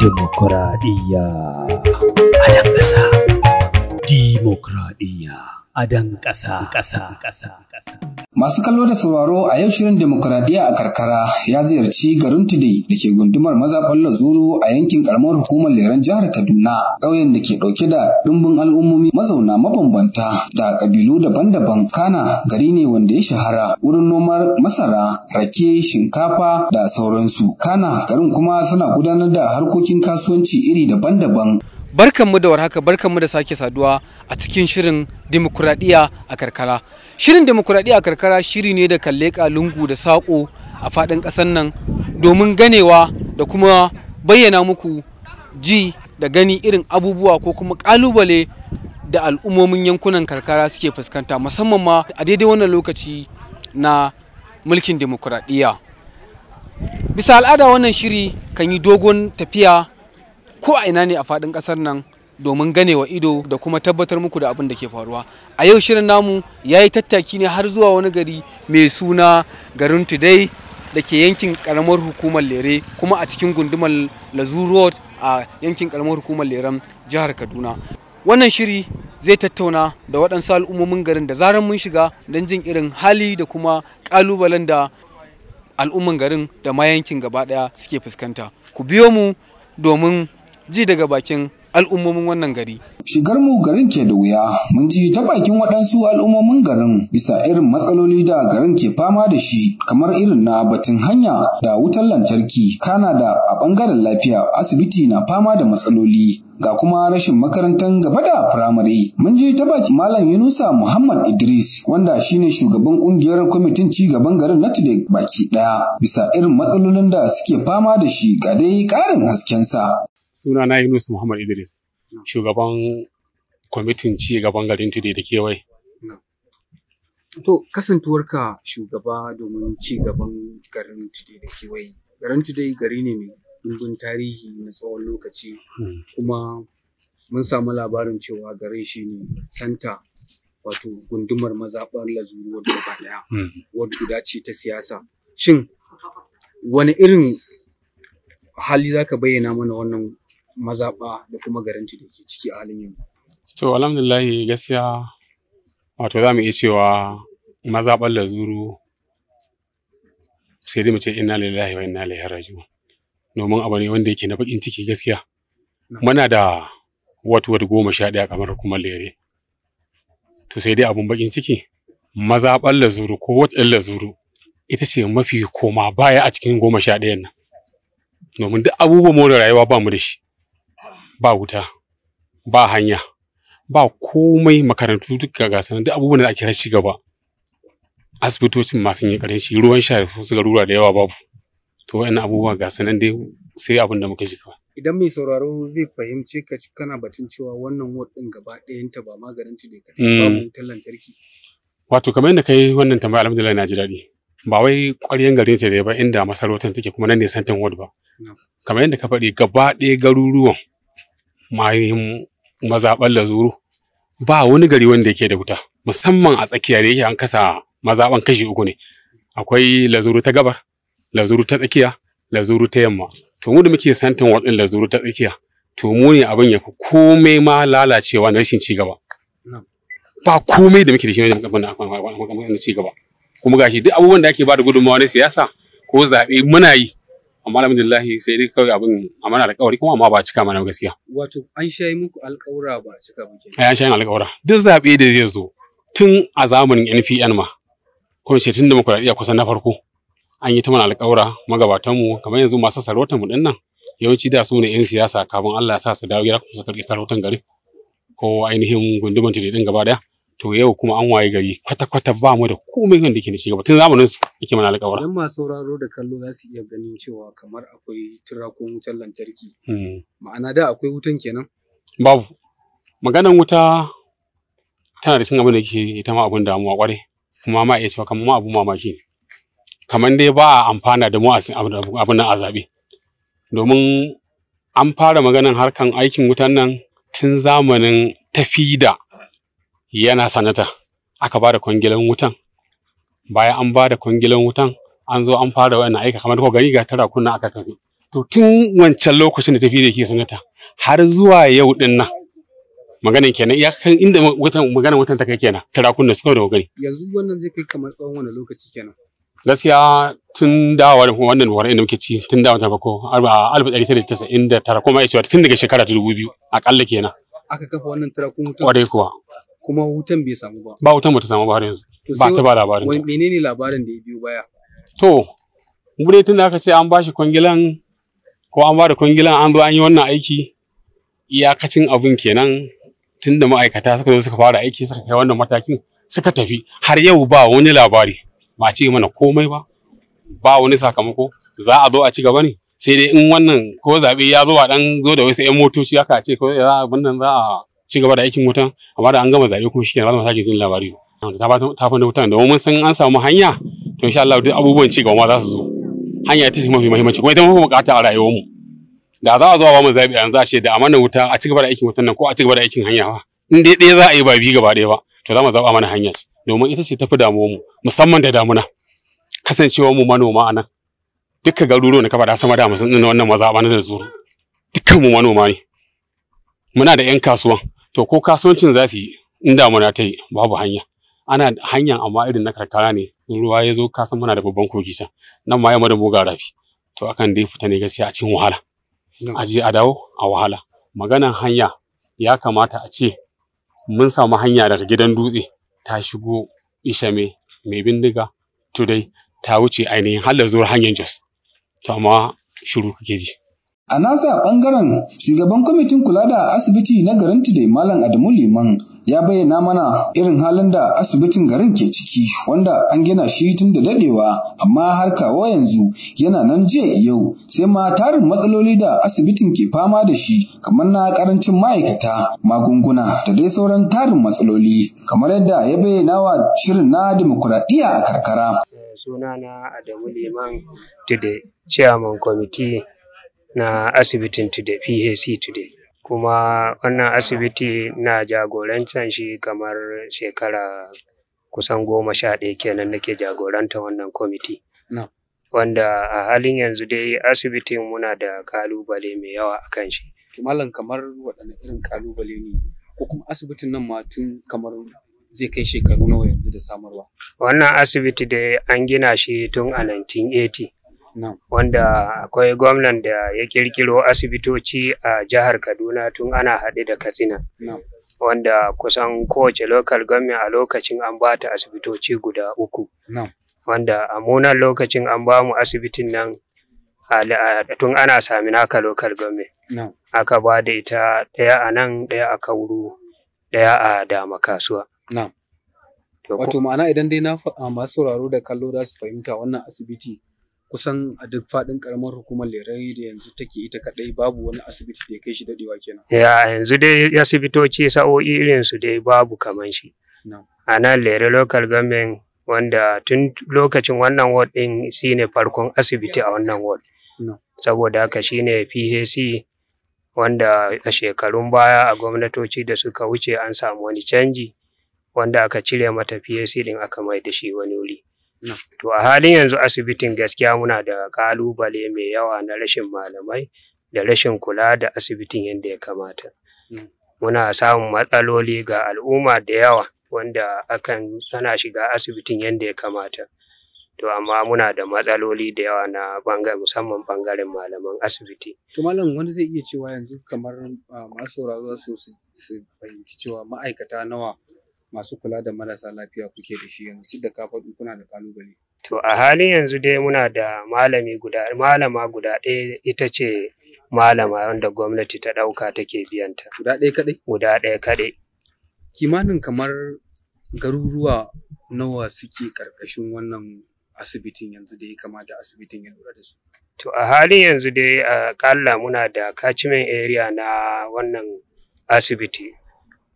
dimokuraɗiyya a dan ƙasa adan ƙasa Masu kallo da sauraro a yau shirin demokuraɗiyya a karkara ya ziyarci garin Tudai da ke gundumar mazaɓar Lazuru a yankin ƙaramar hukumar Leran jihar Kaduna, ƙauyen da ke ɗauke da ɗumbin al'ummomi mazauna mabambanta da ƙabilu daban-daban kana gari ne wanda ya shahara wurin nomar masara, rake, shinkafa da sauransu. Kana garin kuma suna gudanar da harkokin kasuwanci iri daban-daban. barkanmu da warhaka mu da sake saduwa a cikin shirin demokuraɗiyya a karkara shirin demokuraɗiyya a karkara shiri ne da kalle lungu da saƙo a faɗin ƙasar nan domin ganewa da kuma bayyana muku ji da gani irin abubuwa ko kuma ƙalubale da al'ummomin yankunan karkara suke fuskanta musamman ma a daidai wannan lokaci na mulkin demokuraɗiyya bisa al'ada wannan shiri kan yi dogon tafiya ko a ina ne a faɗin ƙasar nan domin ganewa ido da kuma tabbatar muku da abin da ke faruwa a yau shirin namu ya yi tattaki ne har zuwa wani gari mai suna garin today da ke yankin karamar hukumar lere kuma a cikin gundumar lazur road a yankin karamar hukumar leren jihar kaduna wannan shiri zai tattauna da waɗansu al'ummomin garin da zarar mun shiga don jin irin hali da kuma ƙalubalen da al'umman garin da ma yankin gaba ɗaya suke fuskanta ku biyo mu domin ji daga bakin al'ummomin wannan gari. Shigar mu garin ke da wuya, mun ji ta bakin waɗansu al'ummomin garin bisa irin matsaloli da garin ke fama da shi, kamar irin na batun hanya da wutar lantarki, kana da a bangaren lafiya asibiti na fama da matsaloli. Ga kuma rashin makarantar gaba da firamare. Mun ji ta baki Malam Yunusa Muhammad Idris, wanda shine shugaban ƙungiyar kwamitin ci gaban garin na baki ɗaya, bisa irin matsalolin da suke fama da shi ga dai ƙarin haskensa. Suna na Yunus Muhammad Idris, shugaban kwamitin ci gaban garin Tudu da kewaye. To kasantuwarka shugaba domin ci gaban garin Tudu da kewaye. Garin Tudu gari ne mai dumbin tarihi na tsawon lokaci hmm. kuma mun samu labarin cewa garin shi ne santa wato gundumar mazaɓar lazuruwar gaba ɗaya hmm. wadda guda ce ta siyasa. Shin wani irin hali za ka bayyana mana wannan mazaɓa da kuma garin da ke ciki a halin yanzu? To alhamdulillah gaskiya wato za mu iya cewa mazaɓar lazuru sai dai mu ce inna lillahi wa inna ilaihi raji'un domin abu ne wanda yake na bakin ciki gaskiya muna da wata wata goma sha ɗaya kamar kuma lere to sai dai abun bakin ciki mazaɓar lazuru ko wata lazuru ita ce mafi koma baya a cikin goma sha ɗayan nan domin duk abubuwan more rayuwa ba mu da shi ba wuta ba hanya ba komai makarantu duka ga sanan duk abubuwan da ake rashi gaba asibitocin masu yi karanci ruwan sha su garura da yawa babu to wayannan abubuwa ga sanan dai sai abin da muka shiga. idan mai sauraro zai fahimce ka kana batun cewa wannan ward din gaba ɗayan ta ba maganin ta ne ba mm. babu lantarki wato kamar yadda kai wannan tambaya alhamdulillah na ji daɗi ba wai ƙwaryen garin ta ba inda masarautar take kuma nan ne santan ward ba kamar yadda ka faɗi gaba ɗaya garuruwan mahin mazaɓar lazuru ba wani gari wanda yake da wuta musamman a tsakiya da yake an kasa mazaɓan kashi uku ne akwai lazuru ta gabar lazuru ta tsakiya lazuru ta yamma to mu da muke santin waɗin lazuru ta tsakiya to mu ne abin ya fi komai ma lalacewa na rashin ci gaba ba komai da muke da shi wajen kamfanin ci gaba kuma gashi duk abubuwan da ake ba da gudunmawa na siyasa ko zaɓe muna yi amma alhamdulillah sai dai kawai abin amana alƙawari kuma amma ba cika mana gaskiya wato an yi muku alƙawura ba a cika muke an yi alƙawura duk zaɓe da zai zo tun a zamanin NPN ma ko ce tun kusan na farko an yi ta mana alƙawura mu kamar yanzu masu sarautar mu ɗin nan yawanci da su ne 'yan siyasa kafin Allah ya sa su dawo gida kuma su karɓi sarautar gari ko ainihin gundumar jirgin ɗin gaba ɗaya to yau kuma an waye gari kwata-kwata ba mu da komai wanda ke na gaba tun zamanin su yake mana alƙawara. Yan masu sauraro da kallo za su iya ganin cewa kamar akwai turakon wutar lantarki. Hmm. Ma'ana da akwai wutan kenan? Babu. Maganan wuta tana da cin abin da ke ita ma abin damuwa kwarai kuma ma iya cewa kamar ma abin mamaki ne. Kamar dai ba a amfana da mu abin nan a zaɓe. Domin an fara maganan harkan aikin wutan nan tun zamanin tafi da yana sanata aka ba da kwangilan wutan bayan an ba da kwangilan wutan an zo an fara wannan aika kamar ko gari ga tara kunna aka kafe to tun wancan lokacin da tafi da ke sanata har zuwa yau din nan Maganin kenan ya kan inda wutan maganan wutan ta kai kenan tara kunna suka da gari yanzu wannan zai kai kamar tsawon wani lokaci kenan gaskiya tun dawa da wannan wani inda muke ci tun dawa ta bako, alif ɗari tara tara kuma ya ce tun daga shekara ta dubu biyu aƙalla kenan aka kafa wannan tara wutan kwarai kuwa kuma hutan bai samu ba ba hutan bata samu ba har yanzu ba ta ba labarin wai menene labarin da ya biyo baya to mu dai tunda aka ce an bashi kwangilan ko an bada kwangilan an zo an yi wannan aiki iyakacin abin kenan tunda ma'aikata suka zo suka fara aiki suka kai wannan matakin suka tafi har yau ba wani labari ba ce mana komai ba ba wani sakamako za a zo a ci gaba ne sai dai in wannan ko zaɓe ya zo a dan zo da wasu 'yan motoci aka ce ko za a wannan za a ci gaba da aikin wutan amma da an gama zaɓe kuma shi ne za mu sake zin labari ta fanda wutan da mun san an samu hanya to insha Allah duk abubuwan ci gaba ma za su zo hanya ita ce mafi muhimmanci kuma ita mafi bukata a rayuwar mu da za a zo a ba mu zaɓi yanzu a ce da amana wuta a ci gaba da aikin wutan nan ko a ci gaba da aikin hanya ba in dai ɗaya za a yi ba biyu gaba ɗaya ba to za mu zaɓa mana hanya ce domin ita ce tafi damuwar mu musamman da damuna kasancewar mu manoma a nan dukkan garuruwan da ka faɗa sama da musamman ɗin wannan mazaɓa na da zuru dukkan mu manoma ne muna da 'yan kasuwa to ko kasuwancin za su yi in damuna ta yi babu hanya ana hanyar amma irin na karkara ne ruwa ya zo kasan muna da babban kogi can nan ma ya da muga rafi to akan dai fita ne gaskiya a cikin wahala a je a dawo a wahala maganan hanya ya kamata a ce mun samu hanya daga gidan dutse ta shigo ishame mai bindiga tudai ta wuce ainihin halar zuwa hanyar jos to amma shiru kake ji A nasa ɓangaren shugaban kwamitin kula da asibiti na garin Tidai Malam Adamu Liman ya bayyana mana irin halin da asibitin garin ke ciki wanda an gina shi tun da dadewa amma har kawo yanzu yana nan jiya yau sai ma tarin matsaloli da asibitin ke fama da shi kamar na karancin ma'aikata magunguna da dai sauran tarin matsaloli kamar yadda ya bayyana wa shirin na dimokuraɗiyya a karkara eh, sunana Adamu Liman Tude chairman kwamiti na asibitin today PAC today kuma wannan asibiti na jagorancin shi kamar shekara kusan goma sha ɗaya kenan nake jagoranta wannan kwamiti no. wanda a halin yanzu dai asibitin muna da kalubale mai yawa a kan shi malam kamar waɗanne irin kalubale ne ko kuma asibitin nan ma tun kamar zai kai shekaru nawa yanzu da samarwa wannan asibiti dai an gina shi tun a 1980 wanda akwai gwamnan da ya kirkiro asibitoci a jihar kaduna tun ana haɗe da katsina wanda kusan kowace lokal government a lokacin an ba ta asibitoci guda uku wanda a munan lokacin an ba mu asibitin nan tun ana sami naka lokal government aka ba da ita ɗaya a nan ɗaya a kauru ɗaya a dama kasuwa wato ma'ana idan dai na masu sauraro da kallo za su fahimta wannan asibiti kusan a duk faɗin karamar hukumar lerai da yanzu take ita kadai babu wani asibiti da ya kai shi dadewa kenan ya yanzu dai asibitoci sa'o'i irin su dai babu kaman shi a nan lere local government wanda tun lokacin wannan ward din shine farkon asibiti a wannan ward saboda haka shine PHC wanda a shekarun baya a gwamnatoci da suka wuce an samu wani canji wanda aka cire mata PHC ɗin aka mai da shi wani wuri To a halin yanzu asibitin gaskiya muna da ƙalubale mai yawa na rashin malamai da rashin kula da asibitin yadda ya kamata. Hmm. Muna samun matsaloli ga al'umma da yawa wanda akan ana shiga asibitin yadda ya kamata. To amma muna da matsaloli da yawa na bangare musamman bangaren malaman asibiti. To malam wani zai iya cewa yanzu kamar ah, masu sauraro su fahimci cewa ma'aikata nawa masu kula da marasa lafiya kuke da shi yanzu da ka faɗi kuna da kalubale? To a halin yanzu dai muna da malami guda malama guda ɗaya ita ce malama wanda gwamnati ta ɗauka take biyanta. Guda ɗaya kaɗai? Guda ɗaya kaɗai. Kimanin kamar garuruwa nawa suke ƙarƙashin wannan asibitin yanzu da ya kamata asibitin ya lura da su? To a halin yanzu dai a ƙalla muna da catchment area na wannan asibiti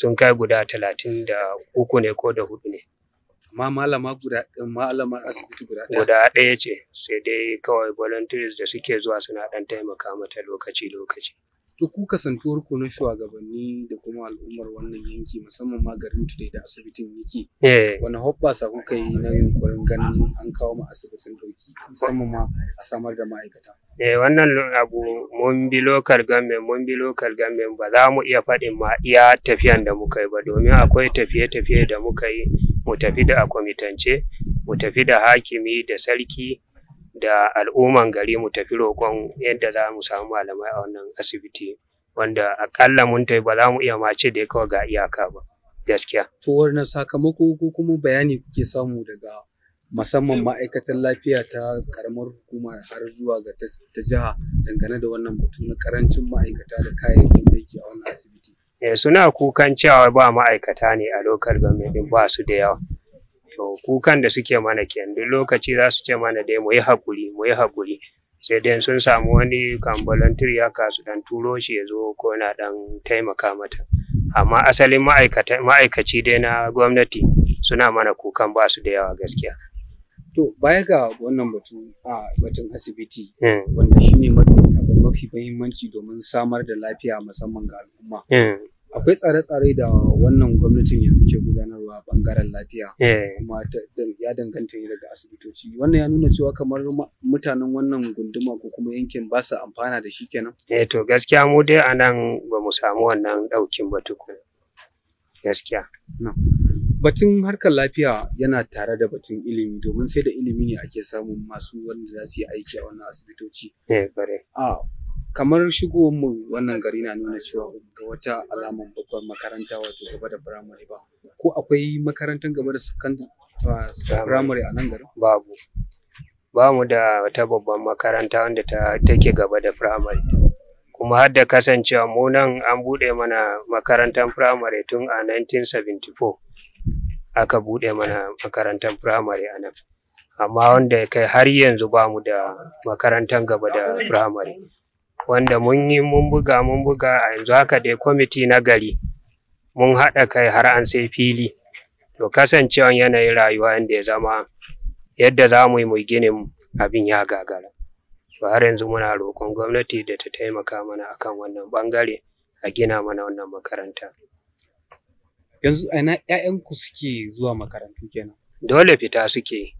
sun kai guda talatin da uku ne ko da hudu ne. Amma malama guda malama asibiti guda ɗaya? Guda ɗaya ce sai dai kawai volunteers da suke zuwa suna ɗan taimaka mata lokaci-lokaci. duk ku kasantuwar ku na shugabanni da kuma al'ummar wannan yanki musamman ma garin Tudai da asibitin yake eh. wani hoɓɓasa kuka yi na yunkurin ganin an kawo mu asibitin dauki musamman ma a samar da ma'aikata eh wannan abu mun bi local government mun bi local government ba za mu iya faɗin ma iya tafiyan da muka yi ba domin akwai tafiye-tafiye da muka yi mu tafi da akwamitance, mu tafi da hakimi da sarki da al'umman gari mu tafi roƙon yadda za mu samu malamai a wannan asibiti wanda akalla mun tai ba za mu iya mace da kawai ga iyaka ba gaskiya. To wani sakamako ko kuma bayani kuke samu daga musamman ma'aikatan lafiya ta karamar hukuma har zuwa ga ta jiha dangane da wannan batu na karancin ma'aikata da kayayyakin aiki a wannan asibiti. Eh, suna kukan cewa ba ma'aikata ne a lokal government ba su da yawa. to kukan da suke mana kenan duk lokaci za su ce mana dai mu yi hakuri mu yi hakuri sai dai sun samu wani kan volunteer ya kasu dan turo shi ya zo ko na dan taimaka mata amma asalin ma'aikaci dai na gwamnati suna mana kukan ba su da yawa gaskiya to baya ga wannan batu a batun asibiti hmm. wanda shine mafi muhimmanci domin samar da lafiya musamman ga al'umma hmm. akwai tsare-tsare da wannan gwamnatin yanzu ke gudanarwa a bangaren lafiya eh. kuma ya danganta ne daga asibitoci wannan ya nuna cewa kamar mutanen wannan gunduma ko kuma yankin ba su amfana da shi kenan eh to gaskiya mu dai a nan ba mu samu wannan ɗaukin ba tukun gaskiya batun harkar lafiya yana tare da batun ilimi domin sai da ilimi ne ake samun masu wanda za su yi aiki a wannan asibitoci eh bare a kamar shigowar mu wannan gari na nuna cewa ga wata alamar babbar makaranta wato gaba da firamare ba ko akwai makarantar gaba da ah, firamare a nan garin babu ba mu da wata babban makaranta wanda ta take gaba da firamare kuma har da kasancewa mu nan an bude mana makarantar firamare tun a 1974 aka bude mana makarantar firamare a nan amma wanda kai har yanzu ba mu da makarantar gaba da firamare wanda mun yi mun buga mun buga a yanzu haka dai kwamiti na gari mun haɗa kai har an sai fili to kasancewan yanayin rayuwa yadda ya zama yadda za mu yi mu ginin abin ya gagara to har yanzu muna roƙon gwamnati da ta taimaka mana akan wannan ɓangare a gina mana wannan makaranta yanzu ana ƴaƴanku suke zuwa makarantu kenan dole fita suke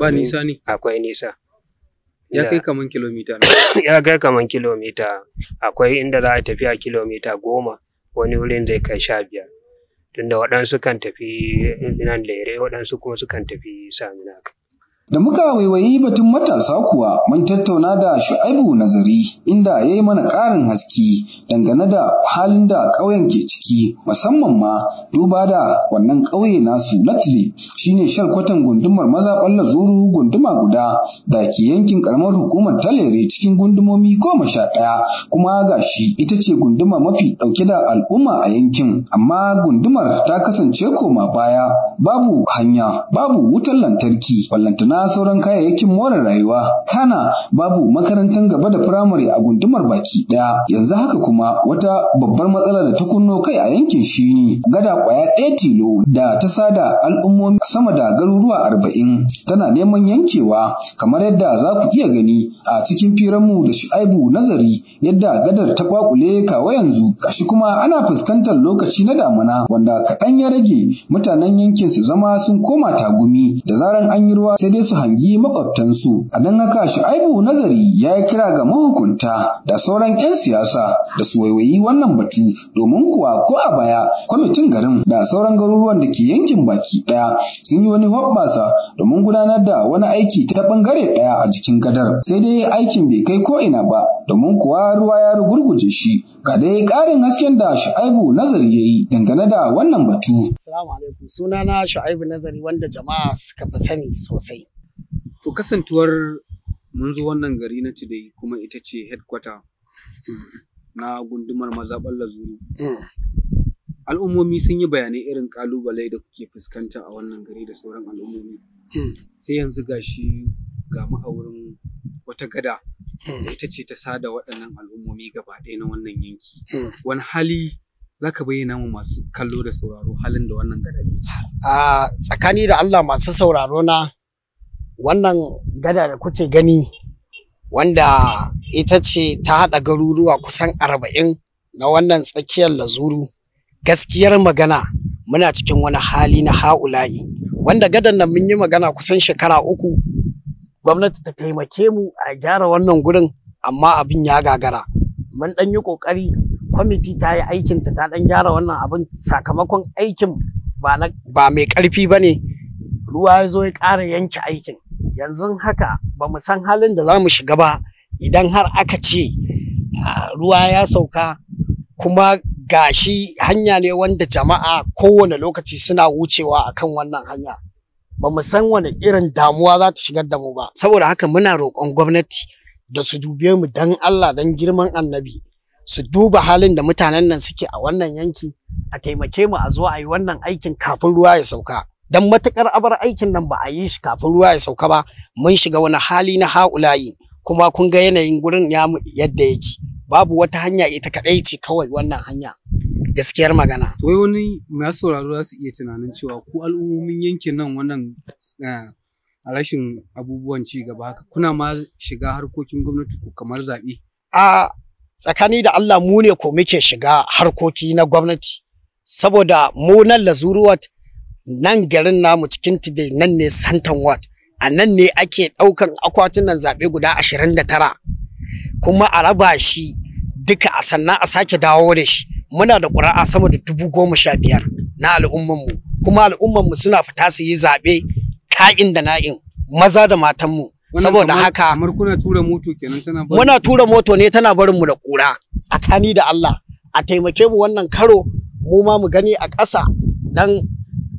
ba nisa ne akwai nisa Ya kai kaman kilomita Ya kai kaman kilomita. Akwai inda za a tafi a kilomita goma, wani wurin zai kai sha biyar. Tunda waɗansu kan tafi eh, nan lere, waɗansu kuma sukan tafi saminaka. Da muka waiwayi batun matasa kuwa mun tattauna da Shu'aibu Nazari inda ya yi mana ƙarin haske dangane da halin da ƙauyen ke ciki musamman ma duba da wannan ƙauye nasu ne shine kwatan gundumar mazaɓar Lazuru gunduma guda da ke yankin ƙaramar hukumar Talere cikin gundumomi goma sha ɗaya kuma ga shi ita ce gunduma mafi ɗauke da al'umma a yankin amma gundumar ta kasance koma baya babu hanya babu wutar lantarki ballantana na sauran kayayyakin more rayuwa kana babu makarantar gaba da firamare a gundumar baki ɗaya. yanzu haka kuma wata babbar matsala da ta kunno kai a yankin shi ne. gada kwaya ɗaya tilo da ta sada al'ummomi sama da garuruwa arba'in tana neman yankewa kamar yadda za ku iya gani a cikin firanmu da shu'aibu nazari yadda gadar ta kwakule kawa yanzu kashi kuma ana fuskantar lokaci na damuna wanda kaɗan ya rage mutanen yankin su zama sun koma tagumi da zaran an yi ruwa sai dai su hangi makwabtansu a don haka shu'aibu nazari ya yi kira ga mahukunta da sauran 'yan siyasa da su waiwayi wannan batu domin kuwa ko a baya kwamitin garin da sauran garuruwan da ke yankin baki ɗaya sun yi wani hoɓɓasa domin gudanar da wani aiki ta ɓangare ɗaya a jikin gadar sai dai aikin bai kai ko ina ba domin kuwa ruwa ya rugurguje shi ga dai ƙarin hasken da shu'aibu nazari ya yi dangane da wannan batu. Assalamu alaikum sunana shu'aibu nazari wanda jama'a suka fi sani sosai. To kasantuwar mun zo wannan gari na Cidai kuma ita ce headquarter na gundumar mazaɓar Lazuru. Hmm. Al'ummomi sun yi bayanai irin ƙalubale da kuke fuskanta a wannan gari da sauran al'ummomi. Hmm. Sai yanzu ga shi ga ma'aurin wata gada da hmm. ita ce ta sada waɗannan al'ummomi gaba ɗaya na wannan yanki. Wani hali za ka bayyana mu masu kallo da sauraro halin da wannan gada ke A ah, tsakani da Allah masu sauraro na wannan gada da kuke gani wanda ita ce ta haɗa garuruwa kusan arba'in na wannan tsakiyar lazuru gaskiyar magana muna cikin wani hali na ha'ula'i wanda gadan nan mun yi magana kusan shekara uku gwamnati ta taimake mu a gyara wannan gurin amma abin ya gagara mun ɗan yi ƙoƙari kwamiti ta yi aikinta ta ɗan gyara wannan abin sakamakon aikin ba mai ƙarfi ba ne ruwa ya zo ya ƙara yanke aikin yanzu haka ba mu san halin da za mu shiga ba idan har aka ce ruwa ya sauka kuma gashi hanya ne wanda jama'a kowane lokaci suna wucewa akan wannan hanya ba mu san wani irin damuwa za ta shigar da mu ba saboda haka muna roƙon gwamnati da su dube mu dan Allah dan girman annabi su duba halin da mutanen nan suke a wannan yanki a taimake mu a zo a yi wannan aikin kafin ruwa ya sauka dan matakar abar aikin nan ba a yi shi kafin ruwa ya sauka ba mun shiga wani hali na haulayi kuma kun ga yanayin gurin ya yadda yake babu wata hanya ita kadai ce kawai wannan hanya gaskiyar magana wai wani masu sauraro za su iya tunanin cewa ku al'ummomin yankin nan wannan eh, rashin abubuwan ci gaba haka kuna ma shiga harkokin gwamnati ku kamar zaɓe a tsakani da Allah mu ne ko muke shiga harkoki na gwamnati saboda mu nan lazuruwat nan garin namu cikin tibe nan ne santan wat a nan ne ake ɗaukan akwatunan zaɓe guda ashirin da tara kuma a raba shi duka a sannan a sake dawo da shi muna da ƙuri'a sama da dubu goma sha biyar na al'ummanmu kuma al'ummanmu suna fita su yi zaɓe ka'in da na'in maza da matanmu saboda haka tura moto muna tura moto ne tana barin mu da ƙura tsakani da Allah a taimake mu wannan karo mu ma mu gani a ƙasa dan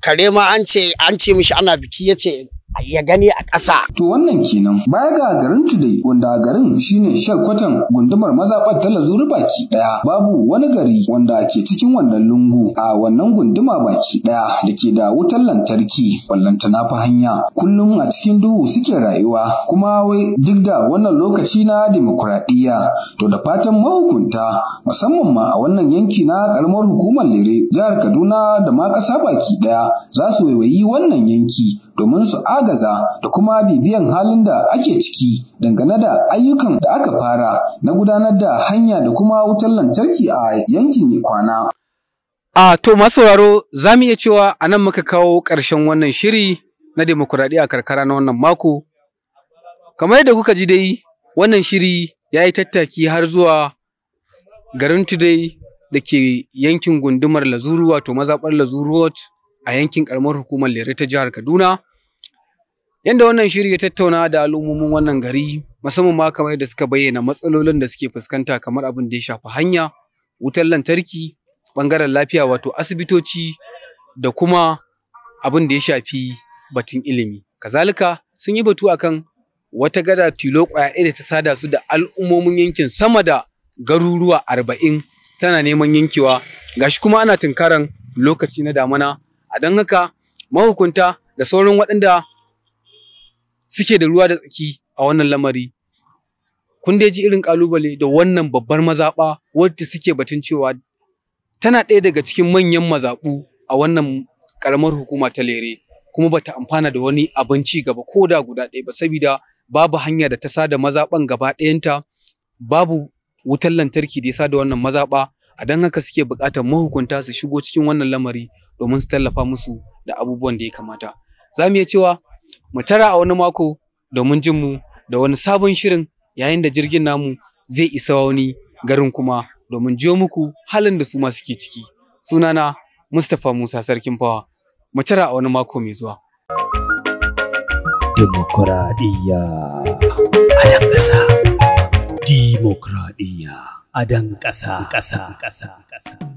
kare ma an ce an ce mishi ana biki yace ya gani a ƙasa. To wannan kenan baya ga garin Tudai wanda garin shine shan kwatan gundumar mazaɓar ta Lazuri baki ɗaya babu wani gari wanda ke cikin wannan lungu a wannan gunduma baki ɗaya da ke da wutar lantarki ballanta na fa hanya kullum a cikin duhu suke rayuwa kuma wai duk da wannan lokaci na dimokuraɗiyya to da fatan mahukunta musamman ma a wannan yanki na karamar hukumar Lere jihar Kaduna da ma ƙasa baki ɗaya za su waiwayi wannan yanki domin su aga agaza da kuma bibiyan halin da ake ciki dangane da ayyukan da aka fara na gudanar da hanya da kuma wutar lantarki a yankin kwana A to masauraro za mu iya cewa a nan muka kawo ƙarshen wannan shiri na demokuraɗiyya karkara na wannan mako. Kamar yadda kuka ji dai wannan shiri ya yi tattaki har zuwa garin Tudai da ke yankin gundumar Lazuru wato mazaɓar Lazuru a yankin ƙaramar hukumar lera ta jihar Kaduna. Yanda wannan shiri ya tattauna da al'ummomin wannan gari musamman ma kamar yadda suka bayyana matsalolin da suke fuskanta kamar abin da ya shafi hanya, wutar lantarki, ɓangaren lafiya wato asibitoci da kuma abin da ya shafi batun ilimi. Kazalika sun yi batu akan wata gada tilo ƙwaya ɗaya da ta sada su da al'ummomin yankin sama da garuruwa arba'in tana neman yankewa gashi kuma ana tunkaran lokaci na damana a don haka mahukunta da sauran waɗanda suke da ruwa da tsaki a wannan lamari kun dai ji irin kalubale da wannan babbar mazaɓa wadda suke batun cewa tana ɗaya daga cikin manyan mazaɓu a wannan ƙaramar hukuma ta lere kuma ba ta amfana da wani abin ci gaba ko da guda ɗaya ba saboda babu hanya da ta sada mazaɓan gaba ɗayanta babu wutar lantarki da ya sa da wannan mazaɓa a don haka suke buƙatar mahukunta su shigo cikin wannan lamari domin su tallafa musu da abubuwan da ya kamata za mu iya cewa mu tara a wani mako domin jin mu da wani sabon shirin yayin da jirgin namu zai isa wani garin kuma domin jiyo muku halin da su ma suke ciki. Sunana Mustapha Musa Sarkin Fawa. Mu tara a wani mako mai zuwa. Dimokuraɗiyya a dan ƙasa. Dimokuraɗiyya a dan ƙasa. Ƙasa.